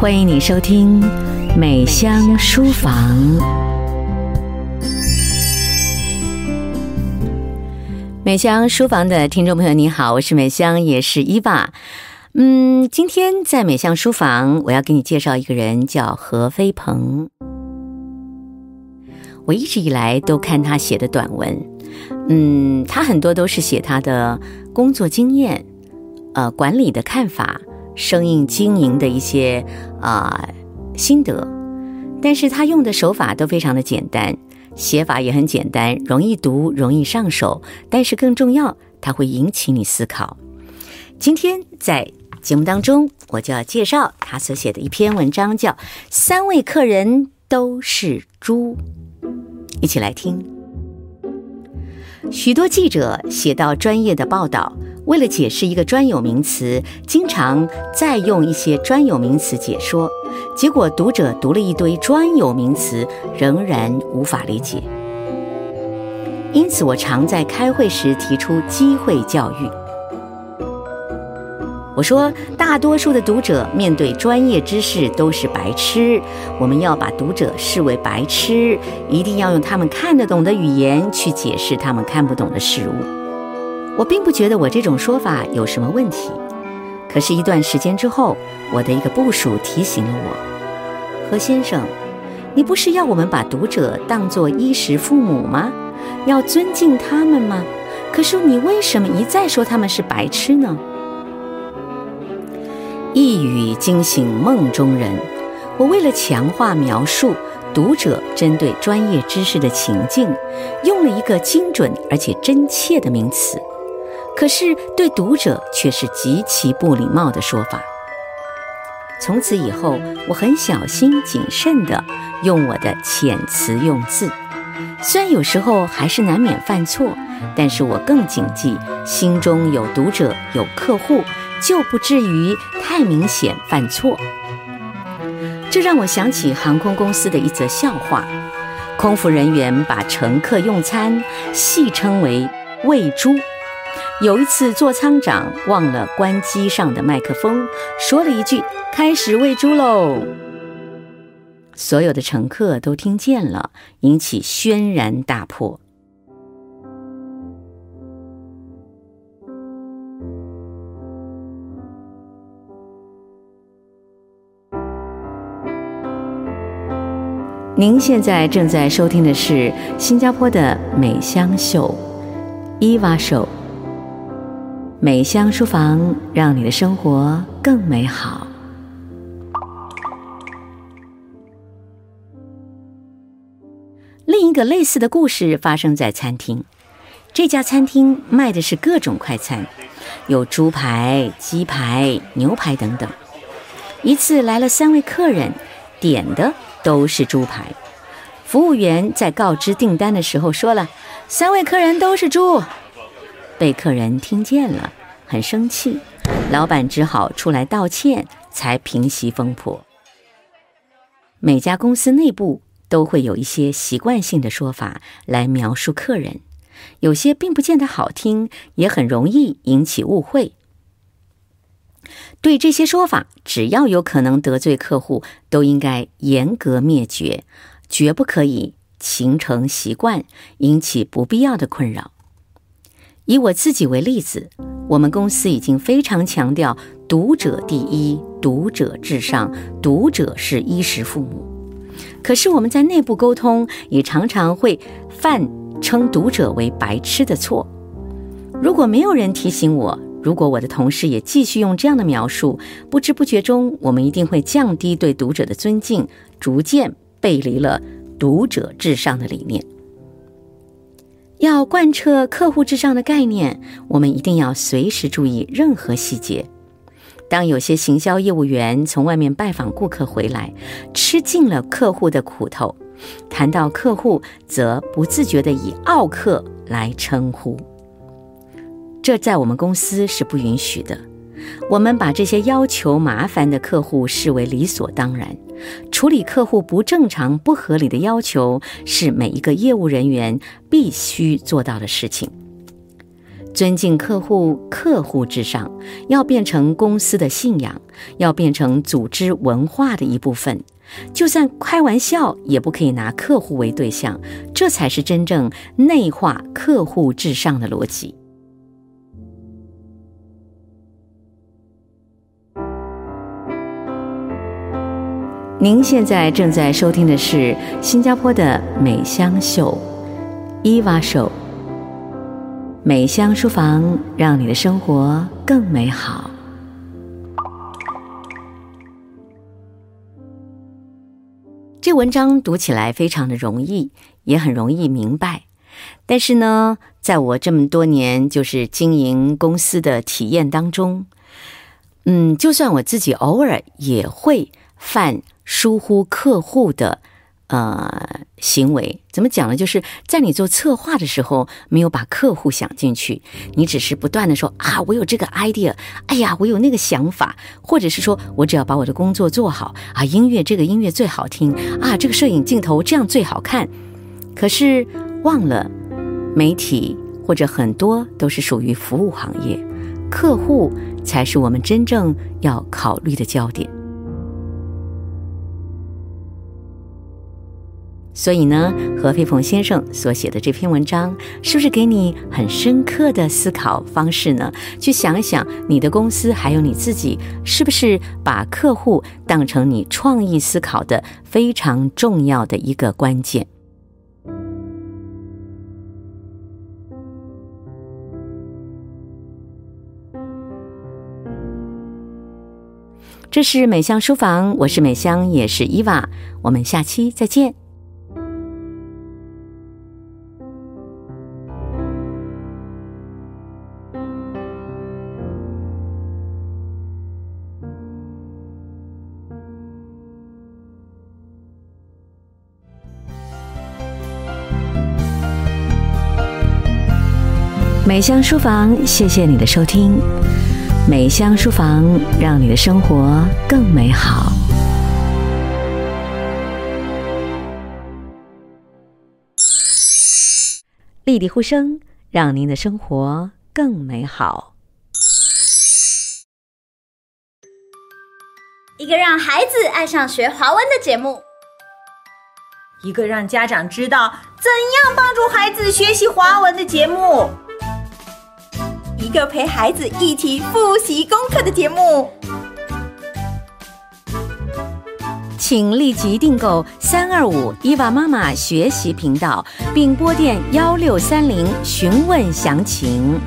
歡迎你收聽《美香書房》。美香書房的聽眾朋友，你好，我是美香，也是伊娃。嗯，今天在美香書房，我要給你介紹一個人，叫何飛鵬。我一直以來都看他寫的短文，嗯，他很多都是寫他的工作經驗，呃，管理的看法。生意經營的一些啊、呃、心得，但是他用的手法都非常的簡單，寫法也很簡單，容易讀，容易上手。但是更重要，它會引起你思考。今天在節目當中，我就要介紹他所寫的一篇文章，叫《三位客人都是豬》，一起來聽。許多記者寫到專業的報道。為了解釋一個專有名詞，經常再用一些專有名詞解說，結果讀者讀了一堆專有名詞，仍然無法理解。因此我常在開會時提出機會教育。我說，大多數的讀者面對專業知識都是白痴，我們要把讀者視為白痴，一定要用他們看得懂的語言去解釋他們看不懂的事物。我並不覺得我這種說法有什麼問題，可是，一段時間之後，我的一個部署提醒了我：“何先生，你不是要我們把讀者當作衣食父母嗎？要尊敬他們嗎？可是你為什麼一再說他們是白痴呢？”一語驚醒夢中人。我為了強化描述讀者針對專業知識的情境，用了一個精準而且真切的名詞。可是對讀者卻是極其不禮貌的說法。從此以後，我很小心謹慎地用我的遣詞用字，雖然有時候還是難免犯錯，但是我更謹記心中有讀者有客戶，就不至於太明顯犯錯。這讓我想起航空公司的一則笑話：空服人員把乘客用餐戲稱為“餵豬”。有一次，座艙長忘了關機上的麥克風，說了一句“開始餵豬嘍”，所有的乘客都聽見了，引起軒然大波。您現在正在收聽的是新加坡的美香秀，伊娃秀。美香書房，讓你的生活更美好。另一個類似的故事發生在餐廳，這家餐廳賣的是各種快餐，有豬排、雞排、牛排等等。一次來了三位客人，點的都是豬排。服務員在告知訂單的時候說了：“三位客人都是豬。”被客人聽見了，很生氣，老板只好出來道歉，才平息風波。每家公司內部都會有一些習慣性的說法來描述客人，有些並不見得好聽，也很容易引起誤會。對這些說法，只要有可能得罪客戶，都應該嚴格滅絕，絕不可以形成習慣，引起不必要的困擾。以我自己為例子，我們公司已經非常強調讀者第一、讀者至上、讀者是衣食父母。可是我們在內部溝通，也常常會犯稱讀者為白痴的錯。如果沒有人提醒我，如果我的同事也繼續用這樣的描述，不知不覺中，我們一定會降低對讀者的尊敬，逐漸背離了讀者至上的理念。要貫徹客戶至上的概念，我們一定要隨時注意任何細節。當有些行銷業務員從外面拜訪顧客回來，吃盡了客戶的苦頭，談到客戶則不自覺地以“奧客”來稱呼。這在我們公司是不允許的。我們把這些要求麻煩的客戶視為理所當然，處理客戶不正常、不合理的要求是每一個業務人員必須做到的事情。尊敬客戶，客戶至上，要變成公司的信仰，要變成組織文化的一部分。就算開玩笑，也不可以拿客戶為對象，這才是真正內化客戶至上的邏輯。您現在正在收聽的是新加坡的美香秀，伊娃秀。美香書房，讓你的生活更美好。這文章讀起來非常的容易，也很容易明白。但是呢，在我這麼多年就是經營公司的體驗當中，嗯，就算我自己偶爾也會犯。疏忽客戶的，呃，行為怎麼講呢？就是在你做策劃的時候，沒有把客戶想進去，你只是不斷地說啊，我有這個 idea，哎呀，我有那個想法，或者是說我只要把我的工作做好啊，音樂這個音樂最好聽啊，這個攝影鏡頭這樣最好看，可是忘了媒體或者很多都是屬於服務行業，客戶才是我們真正要考慮的焦點。所以呢，何飛鵬先生所寫的這篇文章，是不是給你很深刻的思考方式呢？去想一想你的公司還有你自己，是不是把客戶當成你創意思考的非常重要的一個關鍵？這是美香書房，我是美香，也是伊娃，我們下期再見。美香書房，謝謝你的收聽。美香書房，讓你的生活更美好。莉莉呼聲，讓您的生活更美好。一個讓孩子愛上學華文的節目，一個讓家長知道怎樣幫助孩子學習華文的節目。一個陪孩子一起複習功課的節目，請立即訂購三二五伊娃媽媽學習頻道，並撥電幺六三零詢問詳情。